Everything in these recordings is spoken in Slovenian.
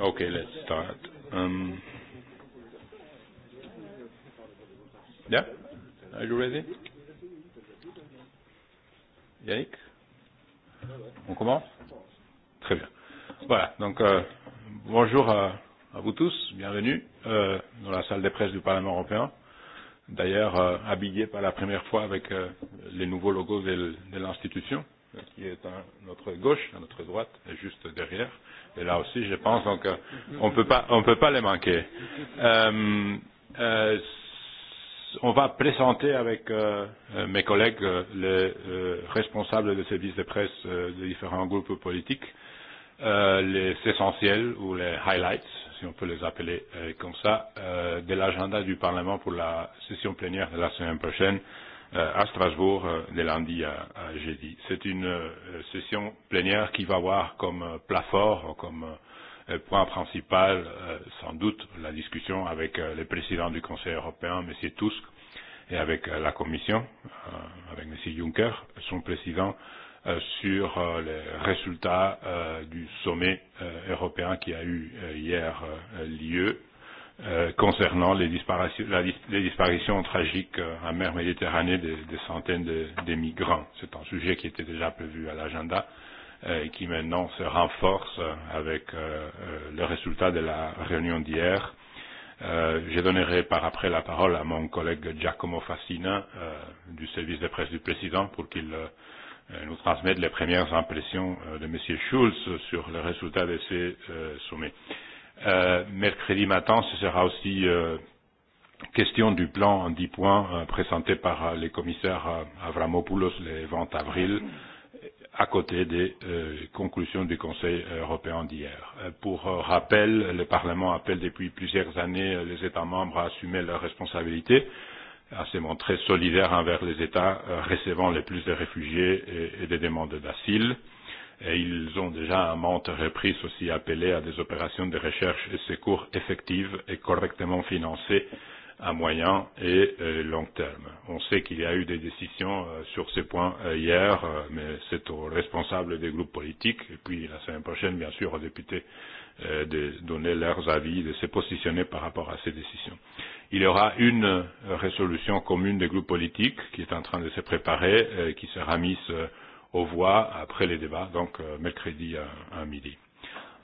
Okay, let's start. Um, yeah? Are you ready? Yannick? On commence? Très bien. Voilà, donc euh, bonjour à, à vous tous, bienvenue euh, dans la salle des presses du Parlement européen. D'ailleurs, euh, habillé par la première fois avec euh, les nouveaux logos de l'institution qui est à notre gauche, à notre droite, et juste derrière. Et là aussi, je pense qu'on euh, ne peut, peut pas les manquer. Euh, euh, on va présenter avec euh, euh, mes collègues euh, les euh, responsables des services de presse euh, des différents groupes politiques euh, les essentiels ou les highlights, si on peut les appeler euh, comme ça, euh, de l'agenda du Parlement pour la session plénière de la semaine prochaine euh, à Strasbourg euh, les lundis à, à jeudi. C'est une euh, session plénière qui va avoir comme euh, plafort, comme euh, euh, point principal, euh, sans doute, la discussion avec euh, le président du Conseil européen, M. Tusk, et avec euh, la Commission, euh, avec M. Juncker, son président, euh, sur euh, les résultats euh, du sommet euh, européen qui a eu euh, hier euh, lieu Euh, concernant les, la, les disparitions tragiques euh, en mer Méditerranée des de centaines de, de migrants. C'est un sujet qui était déjà prévu à l'agenda euh, et qui maintenant se renforce avec euh, euh, le résultat de la réunion d'hier. Euh, je donnerai par après la parole à mon collègue Giacomo Fassina euh, du service de presse du président pour qu'il euh, nous transmette les premières impressions euh, de M. Schulz sur le résultat de ce euh, sommet. Euh, Euh, mercredi matin, ce sera aussi euh, question du plan en 10 points euh, présenté par euh, les commissaires euh, Avramopoulos le 20 avril, à côté des euh, conclusions du Conseil européen d'hier. Euh, pour euh, rappel, le Parlement appelle depuis plusieurs années euh, les États membres à assumer leurs responsabilités, à se montrer solidaires envers les États euh, recevant le plus de réfugiés et, et de demandes d'asile. Euh, et ils ont déjà à maintes reprises aussi appelé à des opérations de recherche et secours effectives et correctement financées à moyen et euh, long terme. On sait qu'il y a eu des décisions euh, sur ces points euh, hier, euh, mais c'est aux responsables des groupes politiques et puis la semaine prochaine, bien sûr, aux députés euh, de donner leurs avis, de se positionner par rapport à ces décisions. Il y aura une euh, résolution commune des groupes politiques qui est en train de se préparer, euh, qui sera mise euh, aux voix après les débats, donc euh, mercredi à, à midi.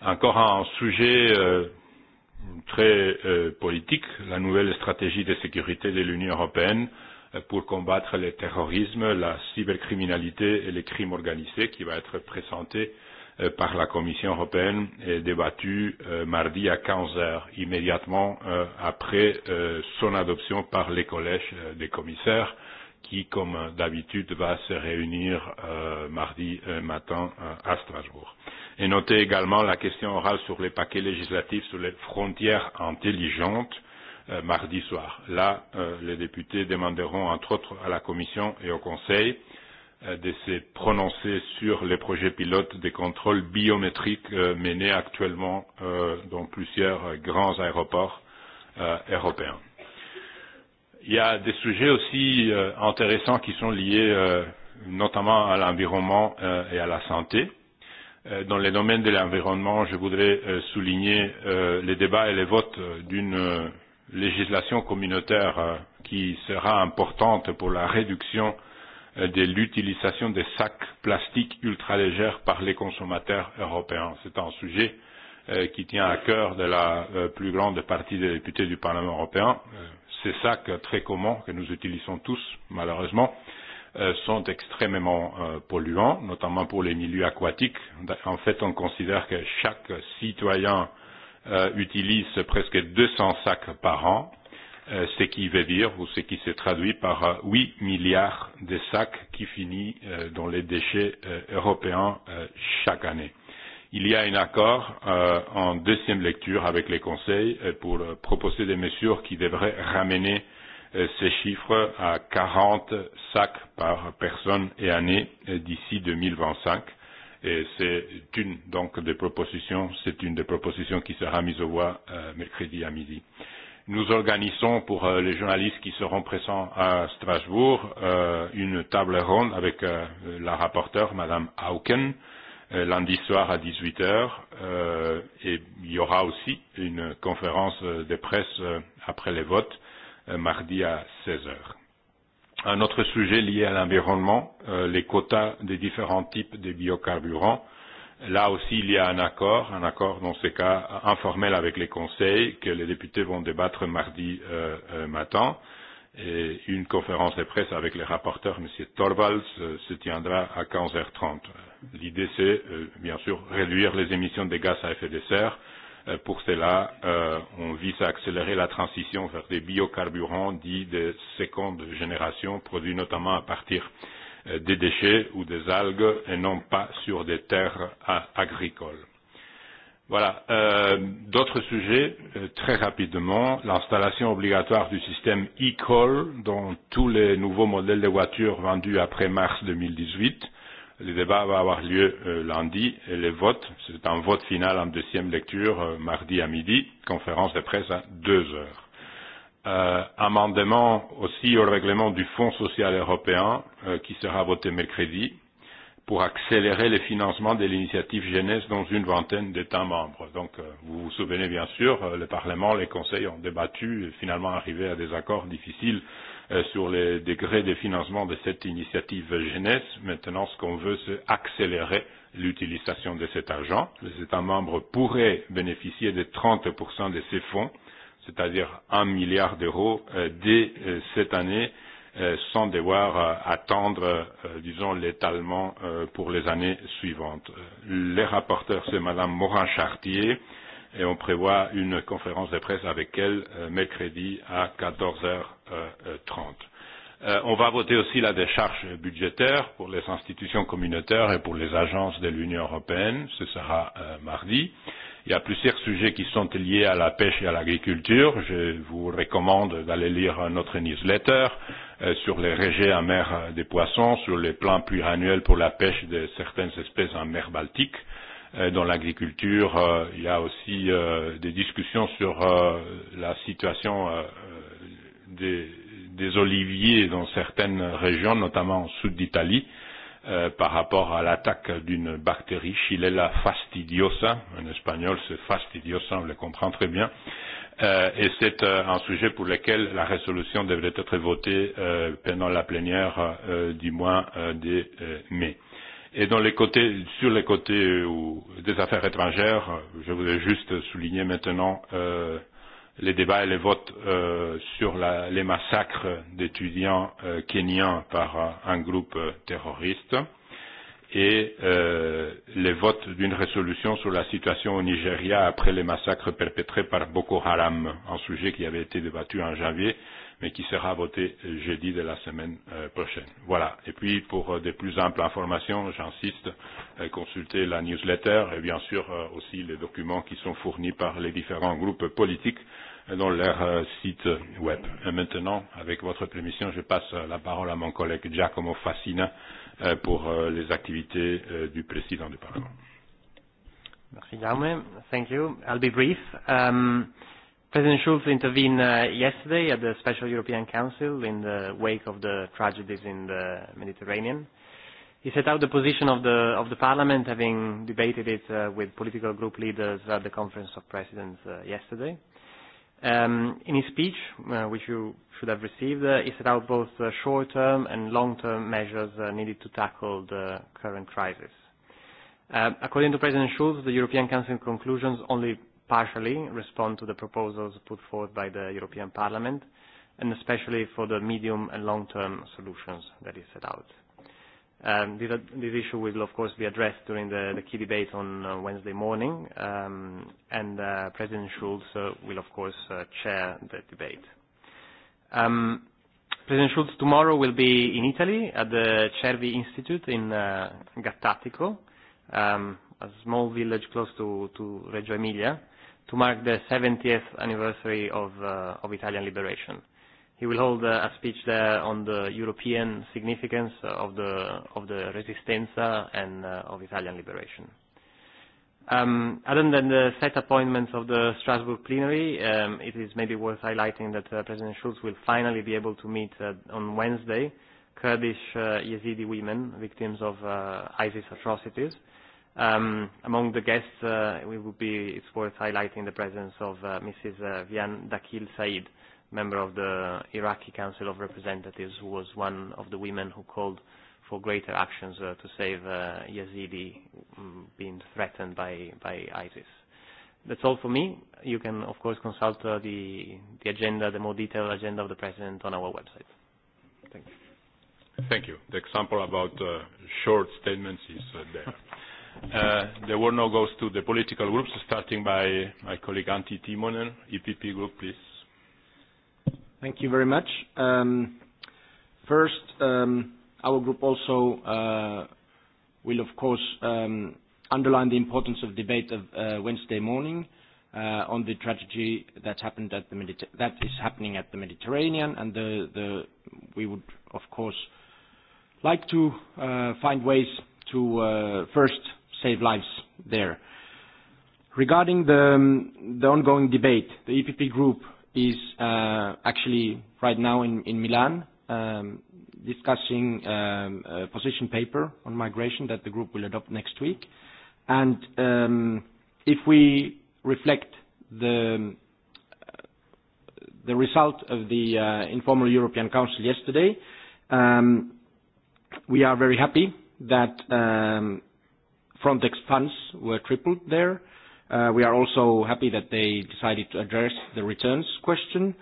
Encore un sujet euh, très euh, politique, la nouvelle stratégie de sécurité de l'Union européenne euh, pour combattre le terrorisme, la cybercriminalité et les crimes organisés qui va être présentée euh, par la Commission européenne et débattu euh, mardi à 15 heures, immédiatement euh, après euh, son adoption par les collèges euh, des commissaires qui, comme d'habitude, va se réunir euh, mardi euh, matin euh, à Strasbourg. Et notez également la question orale sur les paquets législatifs sur les frontières intelligentes euh, mardi soir. Là, euh, les députés demanderont, entre autres, à la Commission et au Conseil euh, de se prononcer sur les projets pilotes des contrôles biométriques euh, menés actuellement dans plusieurs grands aéroports européens il y a des sujets aussi euh, intéressants qui sont liés euh, notamment à l'environnement euh, et à la santé. Euh, dans les domaines de l'environnement, je voudrais euh, souligner euh, les débats et les votes euh, d'une euh, législation communautaire euh, qui sera importante pour la réduction euh, de l'utilisation des sacs plastiques ultralégères par les consommateurs européens. C'est un sujet euh, qui tient à cœur de la euh, plus grande partie des députés du Parlement européen. Euh, ces sacs très communs que nous utilisons tous, malheureusement, euh, sont extrêmement euh, polluants, notamment pour les milieux aquatiques. En fait, on considère que chaque citoyen euh, utilise presque 200 sacs par an, euh, ce qui veut dire, ou ce qui se traduit par euh, 8 milliards de sacs qui finissent euh, dans les déchets euh, européens euh, chaque année il y a un accord euh, en deuxième lecture avec les conseils euh, pour euh, proposer des mesures qui devraient ramener euh, ces chiffres à 40 sacs par personne et année euh, d'ici 2025. Et c'est une donc des propositions, c'est une des propositions qui sera mise au voie euh, mercredi à midi. Nous organisons pour euh, les journalistes qui seront présents à Strasbourg euh, une table ronde avec euh, la rapporteure, Madame Hauken, euh, Euh, lundi soir à 18h euh, et il y aura aussi une conférence euh, de presse euh, après les votes euh, mardi à 16h. Un autre sujet lié à l'environnement, euh, les quotas des différents types de biocarburants. Là aussi, il y a un accord, un accord dans ce cas informel avec les conseils que les députés vont débattre mardi euh, euh matin. Euh, et une conférence de presse avec les rapporteurs, M. Torvalds, euh, se tiendra à 15h30. L'idée, c'est euh, bien sûr réduire les émissions de gaz à effet de serre. Euh, pour cela, euh, on vise à accélérer la transition vers des biocarburants dits de seconde génération, produits notamment à partir euh, des déchets ou des algues et non pas sur des terres à, euh, agricoles. Voilà. Euh, D'autres sujets, euh, très rapidement, l'installation obligatoire du système e-call dans tous les nouveaux modèles de voitures vendus après mars 2018. Le débat va avoir lieu euh, lundi et les votes, c'est un vote final en deuxième lecture euh, mardi à midi, conférence de presse à deux heures. Euh, amendement aussi au règlement du Fonds social européen euh, qui sera voté mercredi, pour accélérer les financements de l'initiative jeunesse dans une vingtaine d'États membres. Donc, euh, vous vous souvenez bien sûr, euh, le Parlement, les conseils ont débattu et euh, finalement arrivé à des accords difficiles sur les degrés de financement de cette initiative jeunesse. Maintenant, ce qu'on veut, c'est accélérer l'utilisation de cet argent. Les États membres pourraient bénéficier de 30% de ces fonds, c'est-à-dire un milliard d'euros dès cette année Euh, sans devoir euh, attendre, euh, disons, l'étalement euh, pour les années suivantes. Les rapporteurs, c'est Madame Morin Chartier, et on prévoit une conférence de presse avec elle euh, mercredi à 14h30. Euh, euh, euh, on va voter aussi la décharge budgétaire pour les institutions communautaires et pour les agences de l'Union européenne. Ce sera euh, mardi. Il y a plusieurs sujets qui sont liés à la pêche et à l'agriculture. Je vous recommande d'aller lire notre newsletter. Euh, Euh, sur les rejets en mer des poissons, sur les plans pluriannuels pour la pêche de certaines espèces en mer Baltique, euh, dans l'agriculture, euh, il y a aussi euh, des discussions sur euh, la situation euh, euh des, des oliviers dans certaines régions, notamment au sud d'Italie, euh, par rapport à l'attaque d'une bactérie, Chilella fastidiosa, en espagnol c'est fastidiosa, on le comprend très bien, euh, Euh, et c'est euh, un sujet pour lequel la résolution devrait être votée euh, pendant la plénière euh, du mois euh, de euh, mai. Et dans les côtés, sur les côtés euh, des affaires étrangères, je voudrais juste souligner maintenant euh, les débats et les votes euh, sur la, les massacres d'étudiants euh, kenyans par euh, un groupe euh, terroriste. Euh, et euh, les votes d'une résolution sur la situation au Nigeria après les massacres perpétrés par Boko Haram, un sujet qui avait été débattu en janvier, mais qui sera voté jeudi de la semaine euh, prochaine. Voilà. Et puis, pour euh, des plus amples informations, j'insiste, euh, consultez la newsletter et bien sûr euh, aussi les documents qui sont fournis par les différents groupes politiques euh, dans leur euh, site web. Et maintenant, avec votre permission, je passe euh, la parole à mon collègue Giacomo Fassina. Euh, pour euh, les activités euh, du président du Parlement. Merci, Jaume. Thank you. I'll be brief. Um, President Schulz intervened uh, yesterday at the Special European Council in the wake of the tragedies in the Mediterranean. He set out the position of the, of the Parliament, having debated it uh, with political group leaders at the Conference of Presidents uh, yesterday. Uh, Um, in his speech, uh, which you should have received, uh, he set out both uh, short-term and long-term measures needed to tackle the current crisis. According to President Schulz, the European Council conclusions only partially respond to the proposals put forth by the European Parliament, and especially for the medium and long-term solutions that he set out. Um, this issue will, of course, be addressed during the key debate on uh, Wednesday morning. Um, uh, President Schulz uh, will, of course, chair the debate. Um, President Schulz tomorrow will be in Italy at the Cervi Institute in Gattatico, a small village close to Reggio Emilia, to mark the 70th anniversary of Italian liberation he will hold a, a speech there on the European significance of the of the Resistenza and uh, of Italian liberation. Um, other than the set appointments of the Strasbourg plenary, um, it is maybe worth highlighting that uh, President Schulz will finally be able to meet uh, on Wednesday Kurdish uh, Yazidi women, victims of uh, ISIS atrocities. Um, among the guests, uh, it would be it's worth highlighting the presence of uh, Mrs. Uh, Vian Dakil Said, uh, member of the Iraqi Council of Representatives, who was one of the women who called for greater actions uh, to save uh, Yazidi mm, being threatened by, by ISIS. That's all for me. You can, of course, consult uh, the, the agenda, the more detailed agenda of the President on our website. Thank you. Thank you. The example about uh, short statements is uh, there. Uh, the word now goes to the political groups, starting by my colleague Antti Timonen, EPP group, please. Thank you very much. Um, first, um, our group also uh, will, of course, um, underline the importance of debate of uh, Wednesday morning uh, on the tragedy that is happening at the Mediterranean. We would, of course, like to find ways to first save lives there. Regarding the ongoing debate, the EPP Group is uh, actually right now in, in Milan um, discussing um, a position paper on migration that the group will adopt next week. And um, if we reflect the the result of the uh, informal European Council yesterday, um, we are very happy that um, Frontex funds were tripled there. Uh, we are also happy that they decided to address the returns question.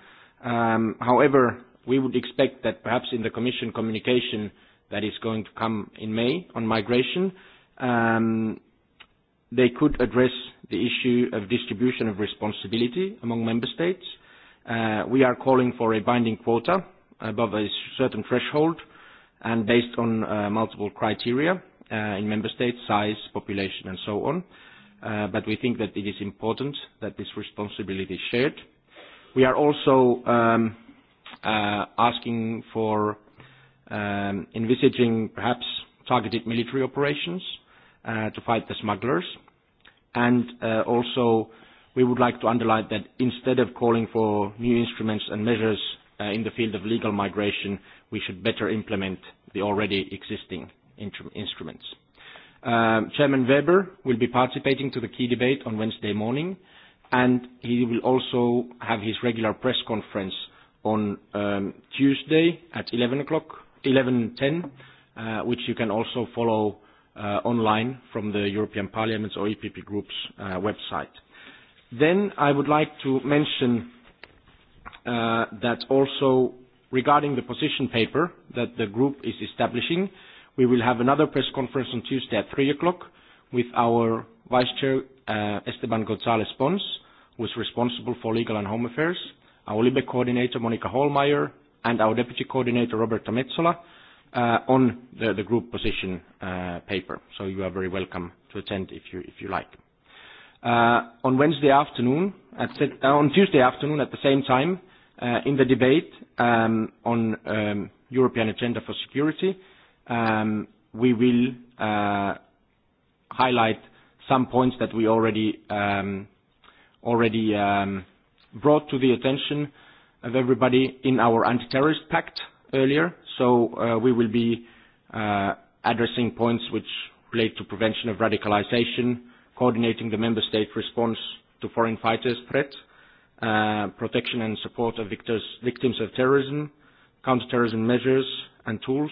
Um, however, we would expect that perhaps in the commission communication that is going to come in May on migration, um, they could address the issue of distribution of responsibility among member states. Uh, we are calling for a binding quota above a certain threshold and based on uh, multiple criteria in member states, size, population, and so on. Uh, but we think that it is important that this responsibility is shared. We are also um, uh, asking for um, envisaging perhaps targeted military operations uh, to fight the smugglers. Also, we would like to underline that instead of calling for new instruments and measures in the field of legal migration, we should better implement the already existing instruments. Um, Chairman Weber will be participating to the key debate on Wednesday morning, and he will also have his regular press conference on um, Tuesday at 11:10 A.M., uh, which you can also follow uh, online from the European Parliament's or EPP Group's uh, website. I would like to mention that also regarding the position paper that the group is establishing, We will have another press conference on Tuesday at 3:00 P.M. with our Vice Chair, uh, Esteban González Pons, who is responsible for legal and home affairs, our Libe coordinator, Monica Hohlmeier, and our deputy coordinator, Roberta Metsola, uh, on the group position uh, paper. You are very welcome to attend if you like. On Tuesday afternoon at the same time, in the debate um, on um, European agenda for security, Q3, um, we will uh, highlight some points that we already um, um, brought to the attention of everybody in our anti-terrorist pact earlier. Uh, we will be uh, addressing points which relate to prevention of radicalization, coordinating the member state response to foreign fighters threat, protection and support of victims of terrorism, counterterrorism measures and tools,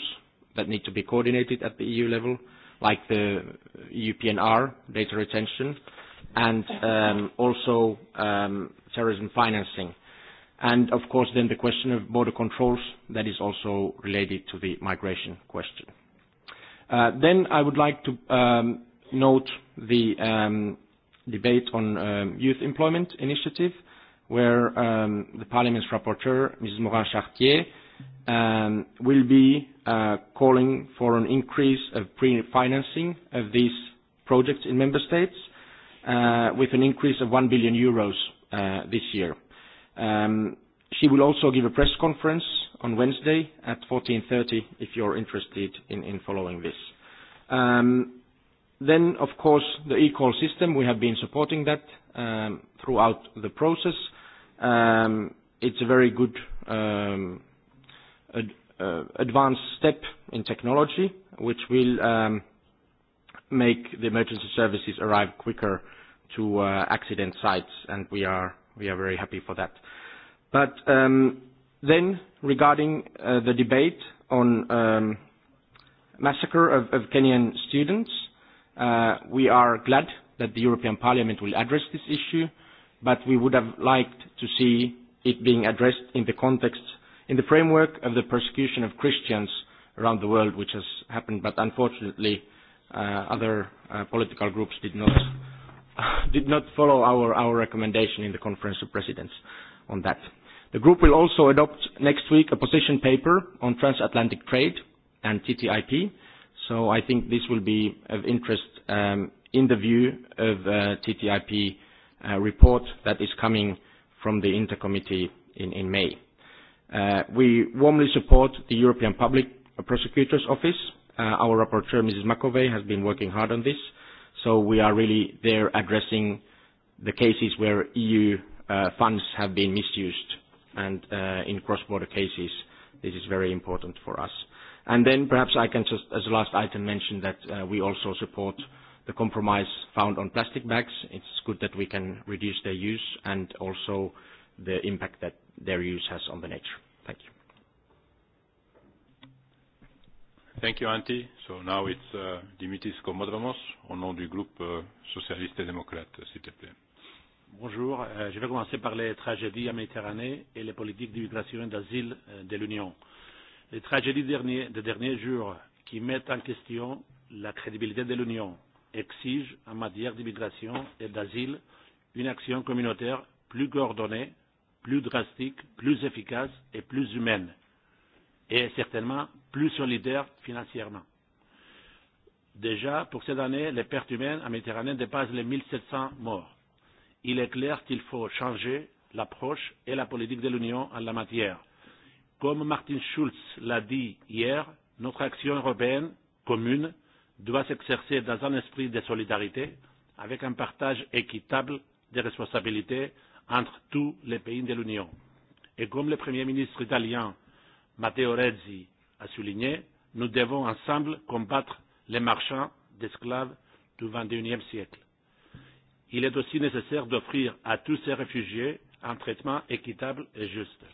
that need to be coordinated at the EU level, like the e UPNR, data retention, and um, also um, terrorism financing. And of course, then the question of border controls, that is also related to the migration question. Uh, then I would like to um, note the um, debate on um, youth employment initiative, where um, the Parliament's rapporteur, Mrs. Morin-Chartier, uh, Um, will be uh, calling for an increase of pre-financing of these projects in member states, uh, with an increase of 1 billion euros uh, this year. Um, she will also give a press conference on Wednesday at 2:30 P.M. if you're interested in following this. Um, then, of course, the eCall system, we have been supporting that throughout the process. It's a very good Uh, advanced step in technology, which will um, make the emergency services arrive quicker to uh, accident sites, and we are very happy for that. Um, regarding uh, the debate on um, massacre of Kenyan students, we are glad that the European Parliament will address this issue, but we would have liked to see it being addressed in the context in the framework of the persecution of Christians around the world, which has happened, but unfortunately, uh, other uh, political groups did not did not follow our our recommendation in the conference of presidents on that. The group will also adopt next week a position paper on transatlantic trade and TTIP. So I think this will be of interest um, in the view of uh, TTIP uh, report that is coming from the intercommittee in, in May. Uh, we warmly support the European Public Prosecutor's Office. Uh, our rapporteur, Mrs. McAvey, has been working hard on this. So we are really there addressing the cases where EU uh, funds have been misused. And uh, in cross-border cases, this is very important for us. And then perhaps I can just, as a last item, mention that uh, we also support the compromise found on plastic bags. It's good that we can reduce their use and also the impact that their use has on the nature. Thank you. Thank you, Antti. Now it's uh, Dimitris Komodovos, au nom du groupe euh, socialiste et démocrate, euh, s'il te plaît. Bonjour. Euh, je vais commencer par les tragédies en Méditerranée et les politiques d'immigration et d'asile de l'Union. Les tragédies des derniers jours qui mettent en question la crédibilité de l'Union exigent en matière d'immigration et d'asile une action communautaire plus coordonnée plus drastique, plus efficace et plus humaine, et certainement plus solidaire financièrement. Déjà, pour cette année, les pertes humaines en Méditerranée dépassent les 1700 morts. Il est clair qu'il faut changer l'approche et la politique de l'Union en la matière. Comme Martin Schulz l'a dit hier, notre action européenne commune doit s'exercer dans un esprit de solidarité, avec un partage équitable des responsabilités entre tous les pays de l'Union. Et comme le Premier ministre italien Matteo Rezzi a souligné, nous devons ensemble combattre les marchands d'esclaves du XXIe siècle. Il est aussi nécessaire d'offrir à tous ces réfugiés un traitement équitable et juste.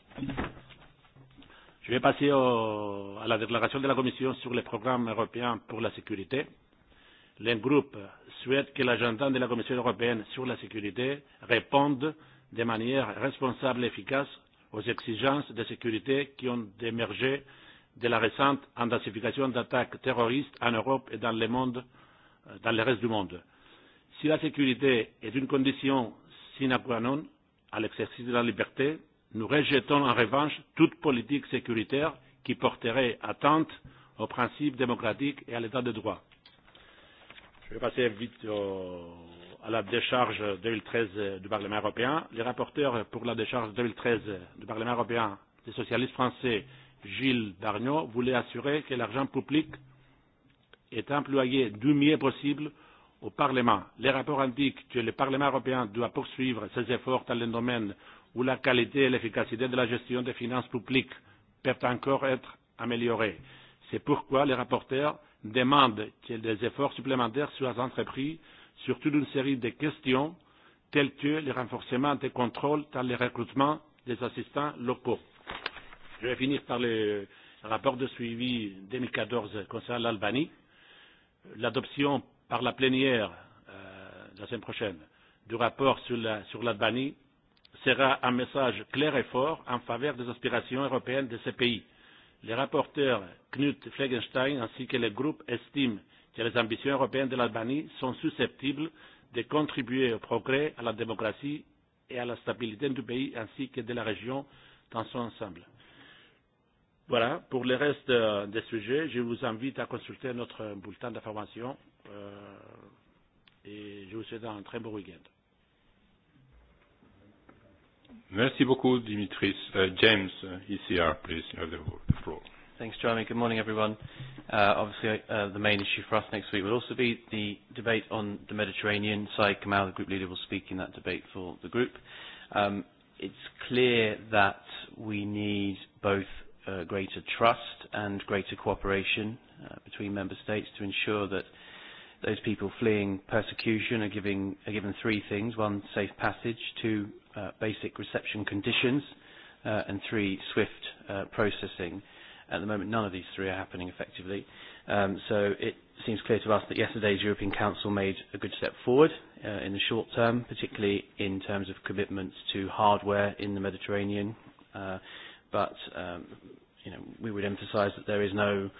Je vais passer au, à la déclaration de la Commission sur les programmes européens pour la sécurité. Le groupe souhaite que l'agenda de la Commission européenne sur la sécurité réponde de manière responsable et efficace aux exigences de sécurité qui ont émergé de la récente intensification d'attaques terroristes en Europe et dans le, monde, euh, dans le reste du monde. Si la sécurité est une condition sine qua non à l'exercice de la liberté, nous rejetons en revanche toute politique sécuritaire qui porterait atteinte aux principes démocratiques et à l'état de droit. Je vais passer vite au à la décharge 2013 du Parlement européen. Les rapporteurs pour la décharge 2013 du Parlement européen, les socialistes français Gilles Darnot, voulaient assurer que l'argent public est employé du mieux possible au Parlement. Les rapports indiquent que le Parlement européen doit poursuivre ses efforts dans le domaine où la qualité et l'efficacité de la gestion des finances publiques peuvent encore être améliorées. C'est pourquoi les rapporteurs demandent que des efforts supplémentaires soient entrepris sur toute une série de questions telles que le renforcement des contrôles dans le recrutement des assistants locaux. Je vais finir par le rapport de suivi 2014 concernant l'Albanie. L'adoption par la plénière euh, la semaine prochaine du rapport sur l'Albanie la, sur sera un message clair et fort en faveur des aspirations européennes de ces pays. Les rapporteurs Knut Flegenstein ainsi que le groupe estiment que les ambitions européennes de l'Albanie sont susceptibles de contribuer au progrès, à la démocratie et à la stabilité du pays ainsi que de la région dans son ensemble. Voilà, pour le reste euh, des sujets, je vous invite à consulter notre bulletin d'information euh, et je vous souhaite un très bon week-end. Merci beaucoup, Dimitris. Uh, James, ECR, please, you have the floor. Thanks, Jeremy. Good morning, everyone. Uh, obviously, uh, the main issue for us next week will also be the debate on the Mediterranean. Syed Kamal, the group leader, will speak in that debate for the group. Um, it's clear that we need both uh, greater trust and greater cooperation between member states to ensure that those people fleeing persecution are given three things. One, safe passage. Two, basic reception conditions. Three, swift processing. At the moment, none of these three are happening effectively. Um, so it seems clear to us that yesterday's European Council made a good step forward uh, in the short term, particularly in terms of commitments to hardware in the Mediterranean. Uh, but um, you know, we would emphasize that there is no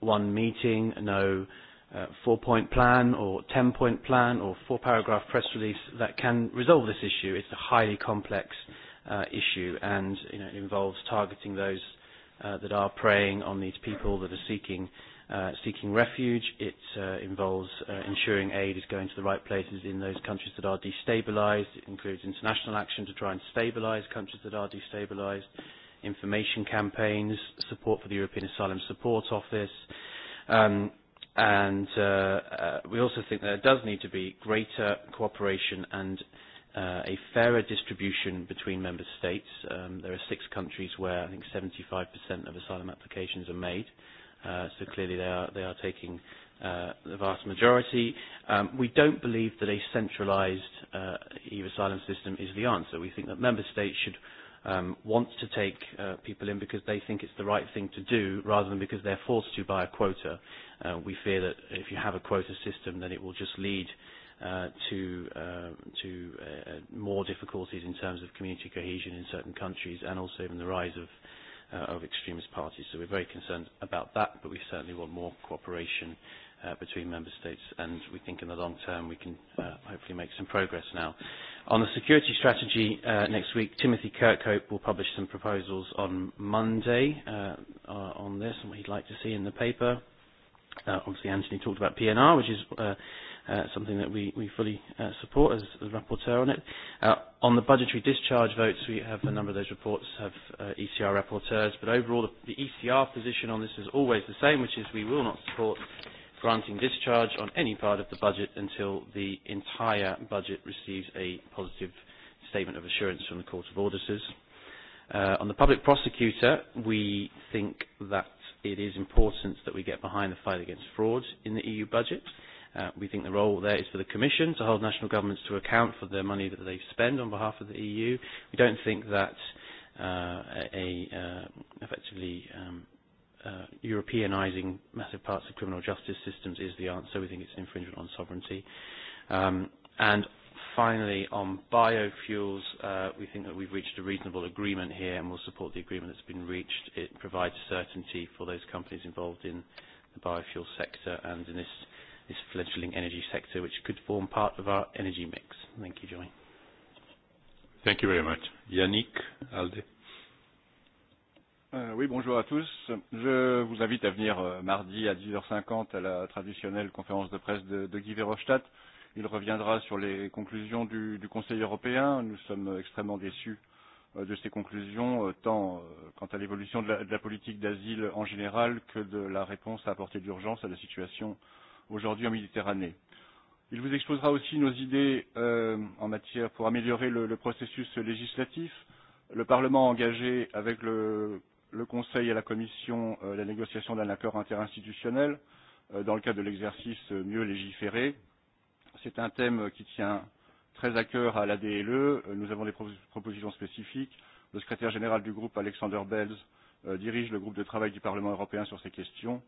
one meeting, no uh, four-point plan or ten-point plan or four-paragraph press release that can resolve this issue. It's a highly complex uh, issue, and you know, it involves targeting those – Uh, that are preying on these people that are seeking uh, seeking refuge. It uh, involves uh, ensuring aid is going to the right places in those countries that are destabilised. It includes international action to try and stabilise countries that are destabilised, information campaigns, support for the European Asylum Support Office. Um, and uh, uh, we also think that there does need to be greater cooperation and uh, uh, a fairer distribution between member states. Um, there are six countries where I think 75% of asylum applications are made. Uh, so clearly they are, they are taking uh, the vast majority. Um, we don't believe that a centralized uh, EU asylum system is the answer. We think that member states should um, want to take uh, people in because they think it's the right thing to do rather than because they're forced to by a quota. Uh, we fear that if you have a quota system, then it will just lead uh, Uh, to uh, to uh, more difficulties in terms of community cohesion in certain countries and also even the rise of uh, of extremist parties. So we're very concerned about that, but we certainly want more cooperation uh, between member states, and we think in the long term we can uh, hopefully make some progress now. On the security strategy uh, next week, Timothy Kirkhope will publish some proposals on Monday uh, uh on this and what he'd like to see in the paper. Uh, obviously, Anthony talked about PNR, which is uh, Uh, something that we, we fully uh, support as the rapporteur on it. Uh, on the budgetary discharge votes, we have a number of those reports have uh, ECR rapporteurs, but overall the, the ECR position on this is always the same, which is we will not support granting discharge on any part of the budget until the entire budget receives a positive statement of assurance from the Court of Auditors. Uh, on the public prosecutor, we think that it is important that we get behind the fight against fraud in the EU budget. Uh, Uh, we think the role there is for the Commission to hold national governments to account for the money that they spend on behalf of the EU. We don't think that uh, a uh, effectively um, uh, Europeanizing massive parts of criminal justice systems is the answer. We think it's an infringement on sovereignty. Um, and finally, on biofuels, uh, we think that we've reached a reasonable agreement here and we'll support the agreement that's been reached. It provides certainty for those companies involved in the biofuel sector and in this this fledgling energy sector, which could form part of our energy mix? Thank you, Johnny. Thank you very much. Yannick, ALDE. Euh, oui, bonjour à tous. Je vous invite à venir euh, mardi à 10:50 à la traditionnelle conférence de presse de Guy Verhofstadt. Il reviendra sur les conclusions du Conseil européen. Nous sommes extrêmement déçus euh, de ces conclusions, tant quant à l'évolution de la politique d'asile en général que de la réponse apportée d'urgence à la situation aujourd'hui en Méditerranée. Il vous exposera aussi nos idées euh, en matière pour améliorer le, le processus législatif. Le Parlement a engagé avec le, le Conseil et la Commission euh, la négociation d'un accord interinstitutionnel euh, dans le cadre de l'exercice euh, mieux légiféré. C'est un thème qui tient très à cœur à la DLE. Euh, nous avons des propositions spécifiques. Le secrétaire général du groupe, Alexander Belz, euh, dirige le groupe de travail du Parlement européen sur ces questions.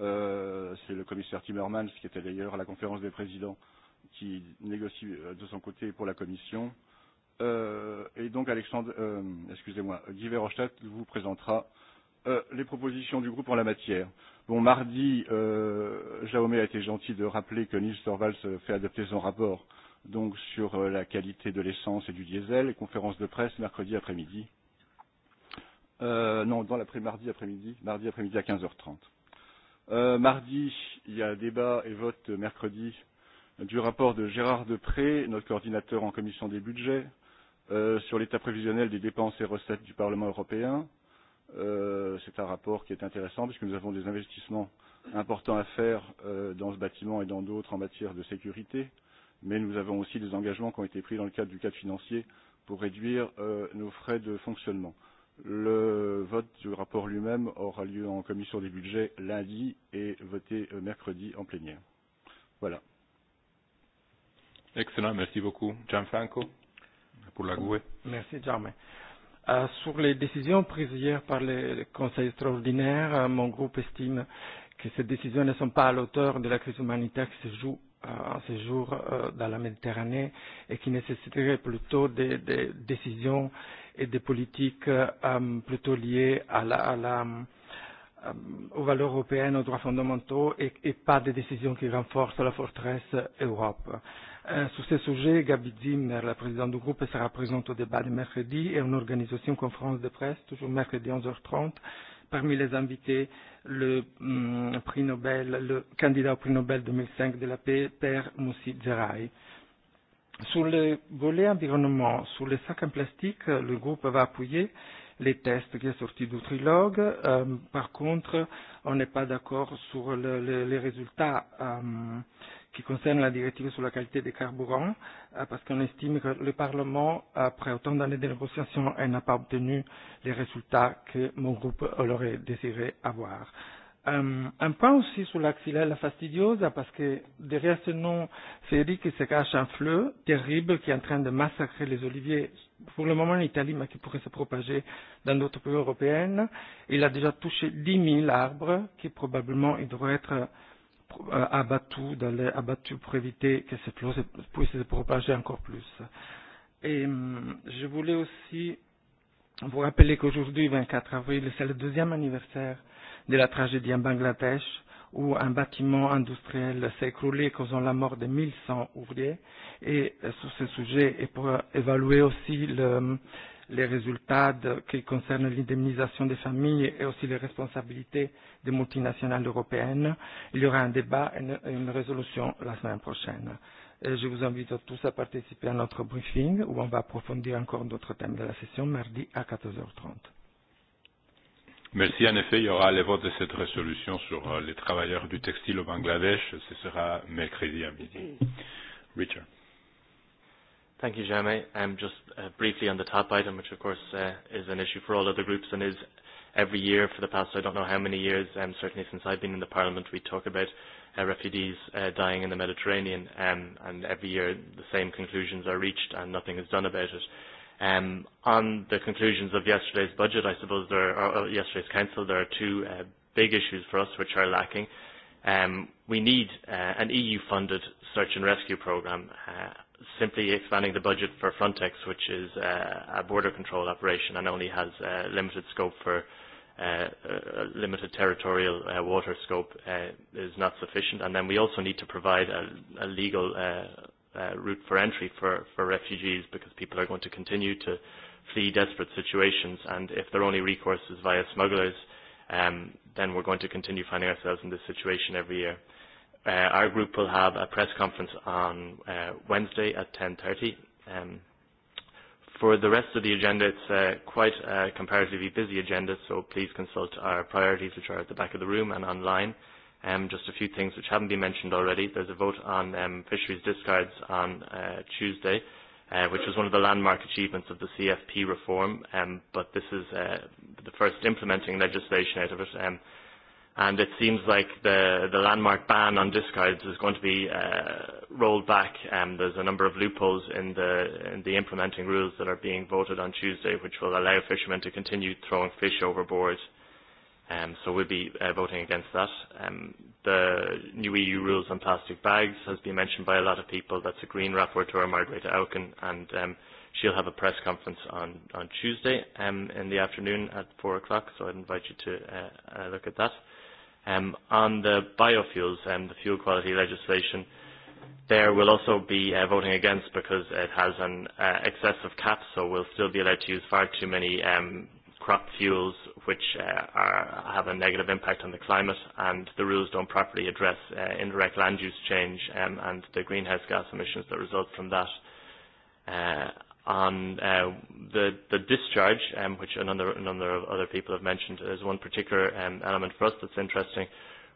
Euh, c'est le commissaire Timmermans, qui était d'ailleurs à la conférence des présidents, qui négocie euh, de son côté pour la commission. Euh, et donc, Alexandre, euh, excusez-moi, Guy Verhofstadt vous présentera euh, les propositions du groupe en la matière. Bon, mardi, euh, Jaume a été gentil de rappeler que Nils Torvalds fait adopter son rapport donc, sur euh, la qualité de l'essence et du diesel, et conférence de presse mercredi après-midi. Euh, non, dans l'après-mardi après-midi, mardi après-midi à 15h30. Euh, Euh, mardi, il y a débat et vote mercredi du rapport de Gérard Depré, notre coordinateur en commission des budgets, euh, sur l'état prévisionnel des dépenses et recettes du Parlement européen. Euh, C'est un rapport qui est intéressant puisque nous avons des investissements importants à faire euh, dans ce bâtiment et dans d'autres en matière de sécurité, mais nous avons aussi des engagements qui ont été pris dans le cadre du cadre financier pour réduire euh, nos frais de fonctionnement le vote du rapport lui même aura lieu en commission des budgets lundi et voté euh, mercredi en plénière. Voilà. Excellent, merci beaucoup. Gianfranco, pour la GUE. Merci, Germain. Euh, sur les décisions prises hier par le Conseil extraordinaire, euh, mon groupe estime que ces décisions ne sont pas à l'auteur de la crise humanitaire qui se joue euh, en ces jours euh, dans la Méditerranée et qui nécessiterait plutôt des, des décisions et des politiques euh, plutôt liées à la, à la, euh, aux valeurs européennes, aux droits fondamentaux et, et pas des décisions qui renforcent la forteresse Europe. Euh, sur ce sujet, Gabi Zimner, la présidente du groupe, sera présente au débat de mercredi et on organise aussi une conférence de presse, toujours mercredi 11h30. Parmi les invités, le, mm, prix Nobel, le candidat au prix Nobel 2005 de la paix, Père Moussi Zeraï. Sur le volet environnement, sur les sacs en plastique, le groupe va appuyer les tests qui sont sortis du trilogue. Euh, par contre, on n'est pas d'accord sur le, le, les résultats euh, qui concernent la directive sur la qualité des carburants, euh, parce qu'on estime que le Parlement, après autant d'années de négociations, n'a pas obtenu les résultats que mon groupe aurait désiré avoir. Euh, Euh, un point aussi sur l'axillaire, la fastidiosa, parce que derrière ce nom féerique, il se cache un fleu terrible qui est en train de massacrer les oliviers, pour le moment en Italie, mais qui pourrait se propager dans d'autres pays européens. Il a déjà touché 10 000 arbres qui probablement ils devraient être euh, abattus, d'aller abattus pour éviter que ce fleu puisse se propager encore plus. Et je voulais aussi vous rappeler qu'aujourd'hui, 24 avril, c'est le deuxième anniversaire de la tragédie en Bangladesh où un bâtiment industriel s'est écroulé causant la mort de 1100 ouvriers et euh, sur ce sujet et pour évaluer aussi le, les résultats de, qui concernent l'indemnisation des familles et aussi les responsabilités des multinationales européennes. Il y aura un débat et une, une résolution la semaine prochaine. Et je vous invite tous à participer à notre briefing où on va approfondir encore d'autres thèmes de la session mardi à 14h30. Merci. En effet, il y aura les votes de cette résolution sur euh, les travailleurs du textile au Bangladesh. Ce sera mercredi à midi. Richard. Thank you, Jeremy. Um, just uh, briefly on the top item, which of course uh, is an issue for all other groups and is every year for the past, I don't know how many years, um, certainly since I've been in the Parliament, we talk about uh, refugees uh, dying in the Mediterranean um, and every year the same conclusions are reached and nothing is done about it. Um, on the conclusions of yesterday's budget, I suppose there are, uh, yesterday's council, there are two uh, big issues for us which are lacking. Um, we need uh, an EU-funded search and rescue program. Uh, simply expanding the budget for Frontex, which is uh, a border control operation and only has uh, limited scope for uh, uh, limited territorial uh, water scope, uh, is not sufficient. And then we also need to provide a, a legal uh, uh, route for entry for, for refugees because people are going to continue to flee desperate situations. And if their only recourse is via smugglers, um, then we're going to continue finding ourselves in this situation every year. Uh, our group will have a press conference on uh, Wednesday at 10.30. Um, for the rest of the agenda, it's uh, quite a comparatively busy agenda, so please consult our priorities, which are at the back of the room and online. Um, just a few things which haven't been mentioned already. There's a vote on um, fisheries discards on uh, Tuesday, uh, which was one of the landmark achievements of the CFP reform, um, but this is uh, the first implementing legislation out of it. Um, and it seems like the, the landmark ban on discards is going to be uh, rolled back. Um, there's a number of loopholes in the, in the implementing rules that are being voted on Tuesday, which will allow fishermen to continue throwing fish overboard uh, Um, so we'll be uh, voting against that. Um, the new EU rules on plastic bags has been mentioned by a lot of people. That's a green rapporteur, Margaret Auken, and um, she'll have a press conference on, on Tuesday um, in the afternoon at 4 o'clock, so I'd invite you to uh, uh, look at that. Um, on the biofuels and um, the fuel quality legislation, there we'll also be uh, voting against because it has an uh, excessive cap, so we'll still be allowed to use far too many um, crop fuels, which uh, are, have a negative impact on the climate, and the rules don't properly address uh, indirect land use change um, and the greenhouse gas emissions that result from that. Uh, on uh, the, the discharge, um, which a number, a number of other people have mentioned, there's one particular um, element for us that's interesting,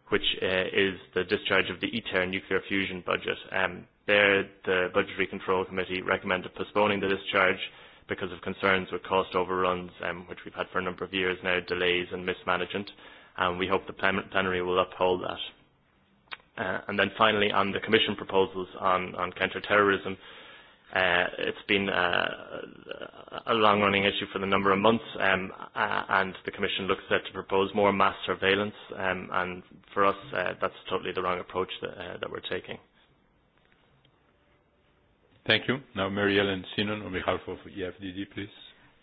which uh, is the discharge of the ITER e nuclear fusion budget. Um, there, the Budgetary Control Committee recommended postponing the discharge uh, because of concerns with cost overruns, um, which we've had for a number of years now, delays and mismanagement. And um, we hope the plenary will uphold that. Uh, and then finally, on the Commission proposals on, on counterterrorism, uh, it's been uh, a long-running issue for the number of months, um, uh, and the Commission looks set to propose more mass surveillance. Um, and for us, uh, that's totally the wrong approach that, uh, that we're taking. Thank you. Now, Mary-Ellen Sinnon, on behalf of EFDD, please.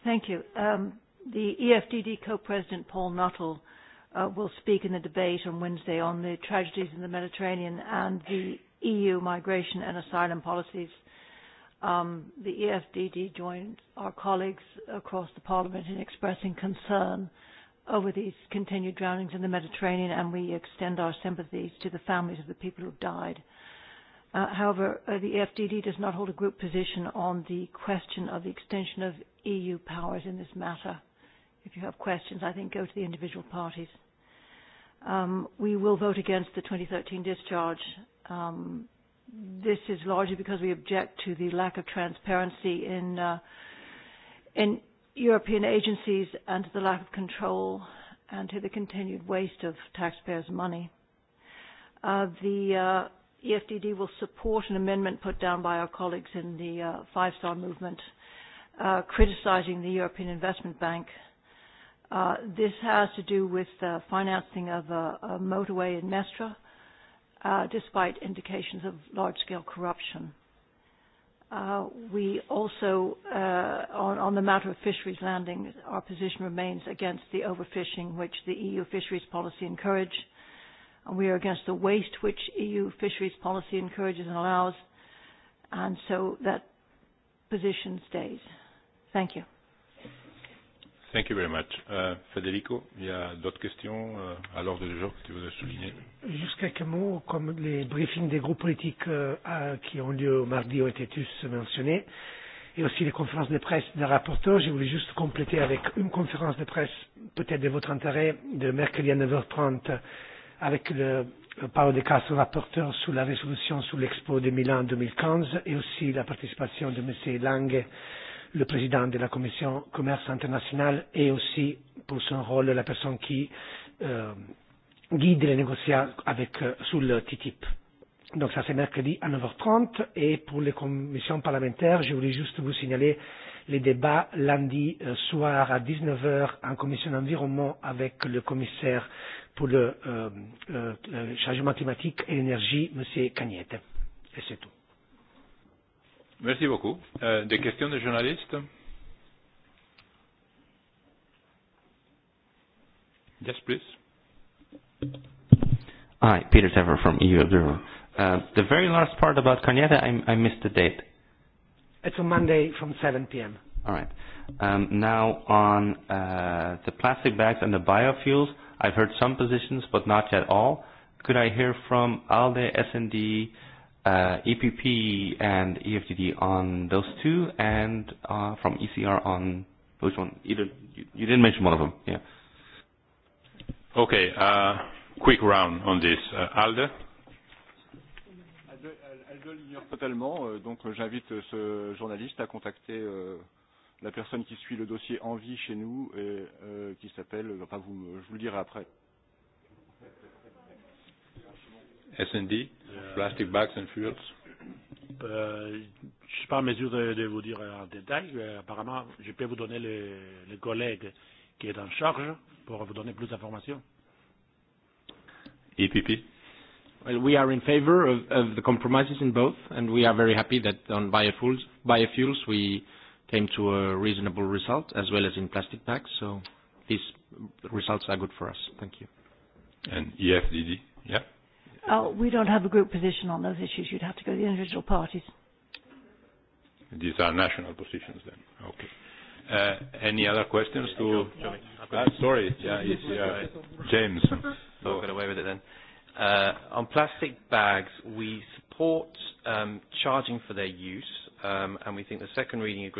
Thank you. Um, the EFDD co-president, Paul Nuttall, uh, will speak in the debate on Wednesday on the tragedies in the Mediterranean and the EU migration and asylum policies. Um, the EFDD joined our colleagues across the parliament in expressing concern over these continued drownings in the Mediterranean, and we extend our sympathies to the families of the people who've died. Uh, however, uh, the AfD does not hold a group position on the question of the extension of EU powers in this matter. If you have questions, I think go to the individual parties. Um, we will vote against the 2013 discharge. Um, this is largely because we object to the lack of transparency in uh, European agencies and to the lack of control and to the continued waste of taxpayers' money. The EFDD will support an amendment put down by our colleagues in the uh, Five Star Movement uh, criticizing the European Investment Bank. Uh, this has to do with the uh, financing of a, a motorway in Mestra, uh, despite indications of large-scale corruption. Uh, we also, uh, on, on the matter of fisheries landing, our position remains against the overfishing which the EU fisheries policy encouraged and we are against the waste which EU fisheries policy encourages and allows, and so that position stays. Thank you. Thank you very much. Uh, Federico, il y a d'autres questions uh, à l'ordre du jour que tu voudrais souligner Juste quelques mots, comme les briefings des groupes politiques uh, à, qui ont lieu au mardi ont été tous mentionnés, et aussi les conférences de presse des rapporteurs. Je voulais juste compléter avec une conférence de presse, peut-être de votre intérêt, de mercredi à 9h30, avec le, le Paolo De Castro, rapporteur sur la résolution sur l'Expo de Milan 2015, et aussi la participation de M. Lange, le président de la Commission Commerce International, et aussi pour son rôle, la personne qui euh, guide les négociations avec, euh, sur le TTIP. Donc ça, c'est mercredi à 9h30. Et pour les commissions parlementaires, je voulais juste vous signaler les débats lundi euh, soir à 19h en commission environnement avec le commissaire pour le, euh, euh, le changement climatique et l'énergie, M. Cagnette. Et c'est tout. Merci beaucoup. Euh, des questions des journalistes Yes, please. Hi, Peter Tever from EU Observer. Uh, the very last part about Cagnette, I, I missed the date. It's on Monday from 7 p.m. All right. Um, now, on uh, the plastic bags and the biofuels, I've heard some positions, but not yet all. Could I hear from ALDE, SND, uh, EPP, and EFGD on those two and uh, from ECR on which one? You didn't mention one of them. Yeah. Okay. Uh, quick round on this. ALDE? ALDE, il y a totalement. Euh, euh, j'invite euh, ce journaliste à contacter la personne qui suit le dossier en vie chez nous et euh, qui s'appelle, euh, enfin vous, je vous le dirai après. S&D, yeah. Plastic Bags and Fuels. Euh, je ne suis pas en mesure de, de vous dire en détail. Apparemment, je peux vous donner le, le collègue qui est en charge pour vous donner plus d'informations. EPP. Well, we are in favor of, of the compromises in both, and we are very happy that on biofuels, biofuels we came to a reasonable result as well as in plastic bags, so these results are good for us. Thank you. EFDD? Yeah. Oh, we don't have a group position on those issues. You'd have to go to the individual parties. These are national positions then. Okay. Uh, any other questions to- James. Uh, sorry. Yeah, it's uh, James. I'll get away with it then. On plastic bags, we support um, charging for their use, um, and we think the second reading agreement